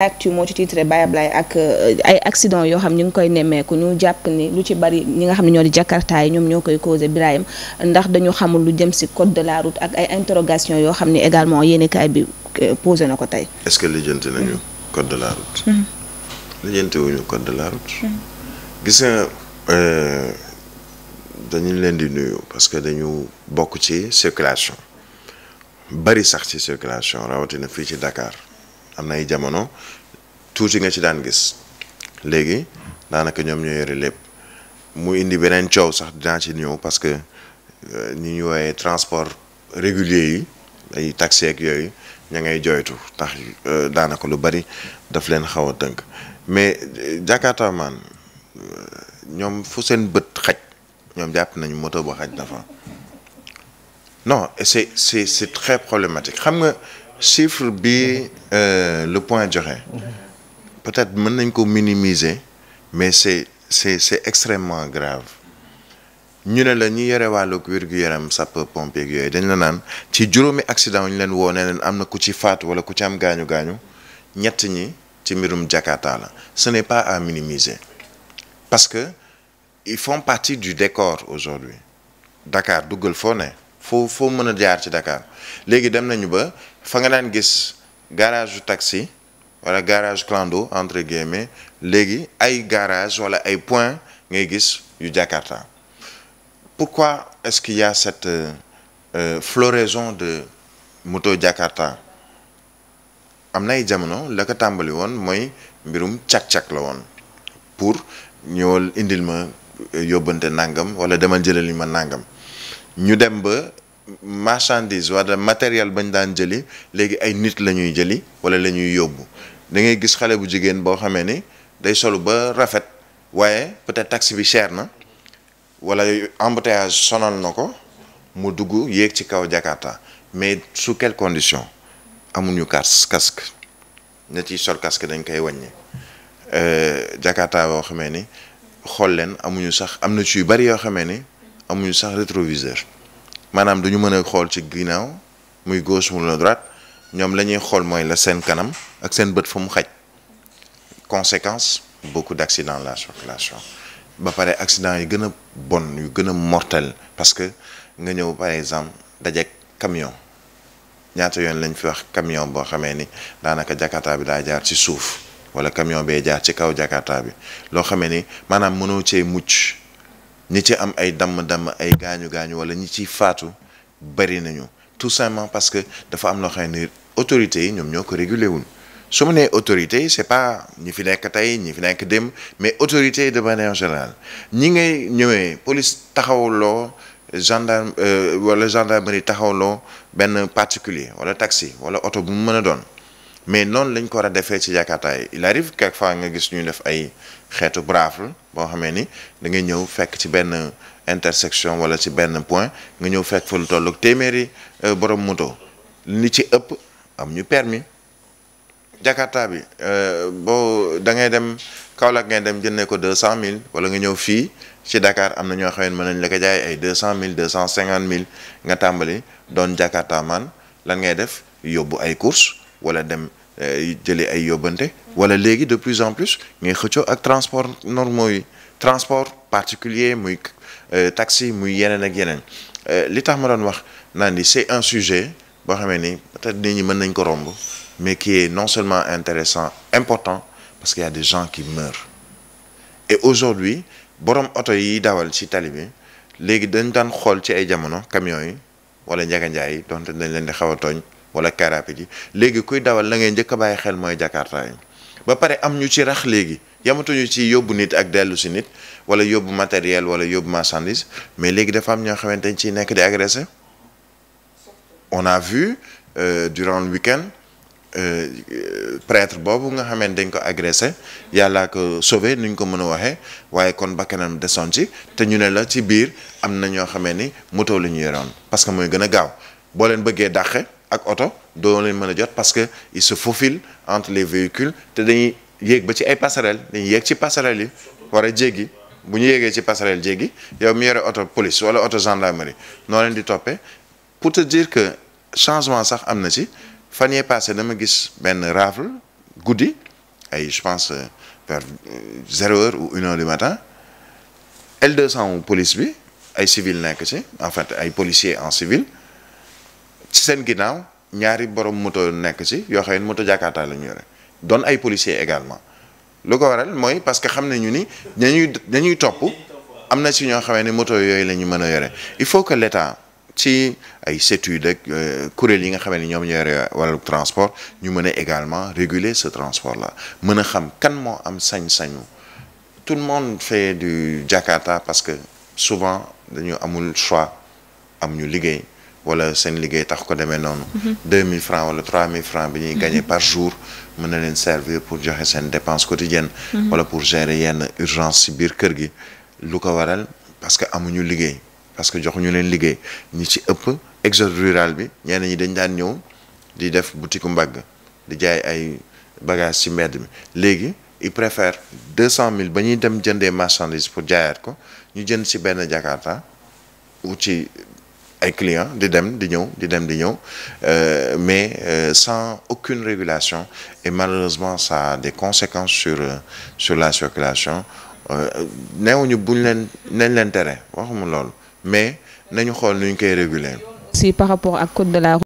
actu moo ci titre Baye Ablaye ak euh, ay accident yoo xam ñu ngi koy nemmeeku ñu jàpp ni lu ci bari ñi nga xam ne ñoo di jakarta yi ñoom ñoo koy causé Birahim ndax dañu xamul lu jëm ci code de la route ak ay interrogation yoo xam ne également yéenekaay bi euh, posé na ko tey est-ce que lijjanti nañu code de la route mm-hmm. lijjanti wuñu code de la route mm-hmm. gis nga euh, dañu leen di nuyu parce que dañu bokk ci circulation bari sax ci circulation rawatina fii ci Dakar am na ay jamono tuuti nga ci daan gis léegi daanaka ñoom ñoo yore lépp mu indi beneen coow sax dinaa ci ñëw parce que euh, ñi ñu woowee transport régulier yi ay taxi ak yooyu ña ngay jooytu tax euh, daanaka lu bari daf leen xaw a tënk mais euh, Jakarta ñoom fu seen bët xaj ñoom jàpp nañu moto ba xaj na fa non c'est c'est c'est très problématique xam nga. chiffre bi euh, le point joxe peut-être mën nañ ko minimiser mais c'est c'est c'est extrêmement grave ñu ne la ñi yore wàllu wér-gu-yaram sapeur pompier yooyu dañ la naan ci juróomi accident ñu leen woo leen am na ku ci faatu wala ku ci am gaañu gaañu ñett ñi ci mbirum Jakarta la ce n'est pas à minimiser parce que il faut partie du décor aujourd'hui Dakar duggal foo ne foo foo mën a jaar ci Dakar léegi dem nañu ba fa nga daan gis garage taxi wala garage clando entre guillemets léegi ay garage wala ay point ngay gis yu Jakarta pourquoi est-ce qu'il y a cette euh, euh floraison de moto Jakarta am na ay jamono la ko tàmbali woon mooy mbirum cak-cak la woon pour ñëwal indil ma yóbbante nangam wala demal jëlali ma nangam ñu dem ba marchandise wala matériel bañ daan jëli léegi ay nit la ñuy jëli wala lañuy yóbbu da ngay gis xale bu jigéen boo xamee ni day solu ba rafet waaye peut-être taxi bi cher na wala embouteillage sonal na ko mu dugg yéeg ci kaw Jakarta mais sous quelles conditions amuñu casque casque ña ciy sol casque dañ koy wàññi euh, Jakarta boo xamee ni xool leen amuñu sax am na ci yu bari yoo xamee ni. amuñu sax rétroviseur maanaam duñu mën a xool ci ginnaaw muy gauche mu la droite ñoom la ñuy xool mooy la seen kanam ak seen bët fu mu xaj conséquence beaucoup d' accident la circulation ba pare accident yu gën a bon yu gën a mortel parce que nga ñëw par exemple dajeek camion ñaata yoon lañ fi wax camion boo xamee ni daanaka jakarta bi daa jaar ci suuf wala camion bee jaar ci kaw jakarta bi loo xamee ni maanaam mënoo cee mucc ñi ci am ay damm-damm ay gaañu gaañu wala ñi ciy faatu bari nañu tout simplement parce que dafa am loo xam ne autorités yi ñoom ñoo ko réguler wul su ma nee autorités yi c'est pas ñi fi nekk tey ñi fi nekk dem mais autorités yi de manière générale ñi ngay ñëwee police taxawloo gendarme euh, wala gendarmerie taxawloo benn particulier wala taxi wala oto bu mu mën a doon. mais noonu lañ ko war a defee ci jakartaay il arrive quelquefois nga gis ñu def ay xeetu brafle boo xamee ni da ngay ñëw fekk ci benn intersection wala ci benn point nga ñëw fekk fa lu tollu téeméeri euh, borom moto li ci ëpp am ñu permis jakarta bi euh, boo da ngay dem Kaolack ngay dem jëndee ko deux cent mille wala nga ñëw fii ci Dakar am na ñoo xam ne mën nañ la ko jaay ay deux cent mille deux cent cinquante mille nga tàmbali doon jakarta man ngay def yóbbu ay course wala dem euh, jëlee ay yóbbante wala léegi de plus en plus ngay xëccoo ak transport normaux yi transport particulier muy euh, taxi muy yeneen ak yeneen euh, li tax ma doon wax naa ni c'est un sujet boo xamee ni peut-être ñi mën nañ ko romb mais qui est non seulement intéressant important parce qu'il y a des gens qui meurent et aujourd'hui borom oto yi dawal ci tali bi léegi dañ daan xool ci ay jamono camions yi wala njaganjaay yi donte dañ leen di xaw a tooñ wala karapi ji léegi kuy dawal la ngay njëkk a bàyyi xel mooy jakarta ba pare am ñu ci rax léegi yamatuñu ci yóbbu nit ak dellu si nit wala yóbbu matériel wala yóbbu marchandise mais léegi dafa am ñoo xamante dañ nekk di agressé on a vu euh, durant le week-end euh, boobu nga xamante dañ ko agressé yàllaa ko sauvé ñu ko mën a waxee waaye kon bakkanam desoon ci te ñu ne la ci biir am na ñoo xamee ni moto la ñu yoroon parce que mooy gën a gaaw boo leen bëggee dàqe ak oto doo leen mën a jot parce que il se faufile entre les véhicules te dañuy yéeg ba ci ay passerelles dañuy yéeg ci passerelles yi war a jéggi bu ñu yéegee ci passerelle jéggi yow mi yore oto police wala oto gendarmerie noo leen di toppee pour te dire que changement sax am na ci fan yee passé dama gis benn rafle guddi ay je pense euh, vers euh, zéro heure ou une heure du matin L200 police bi ay civil nekk ci en fait ay policiers en civil ci seen ginnaaw ñaari borom moto nekk ci yoo xam ne moto jakarta la ñu yore doon ay policiers également lu ko waral mooy parce que xam nañu ni dañuy dañuy topp am na si ñoo xamee ne moto yooyu la ñu mën a yore il faut que l'État ci ay CETUD ak euh, kuréel yi nga xamee ni ñoom ñoo yore transport ñu mën a également réguler ce transport la mën a xam kan moo am sañ-sañu tout le monde fait du Jakarta parce que souvent dañu amul choix am ñu liggéey wala seen liggéey tax ko demee noonu. 2000 mhm. francs wala 3000 francs bi ñuy gagné mhm. par jour mën na leen servir pour joxe seen dépense quotidienne mhm. wala pour gérer yenn urgence ci biir kër gi. lu ko waral parce que amuñu liggéey parce que joxuñu leen liggéey ñu ci ëpp exode rural bi ñenn ñi dañ daan ñëw di def boutique mbagg di jaay ay bagages ci mbedd bi léegi. il préfère deux cent mille ba ñuy dem jëndee marchandise pour jaayaat ko ñu jënd ci benn jakarta ay clients di dem di ñëw di dem di ñëw euh, mais euh, sans aucune régulation et malheureusement ça a des conséquences sur euh, sur la circulation euh, neewuñu buñ leen nañ leen tere waxuma lool mais nañu xool nu ñu koy réguler. si par rapport ak code de la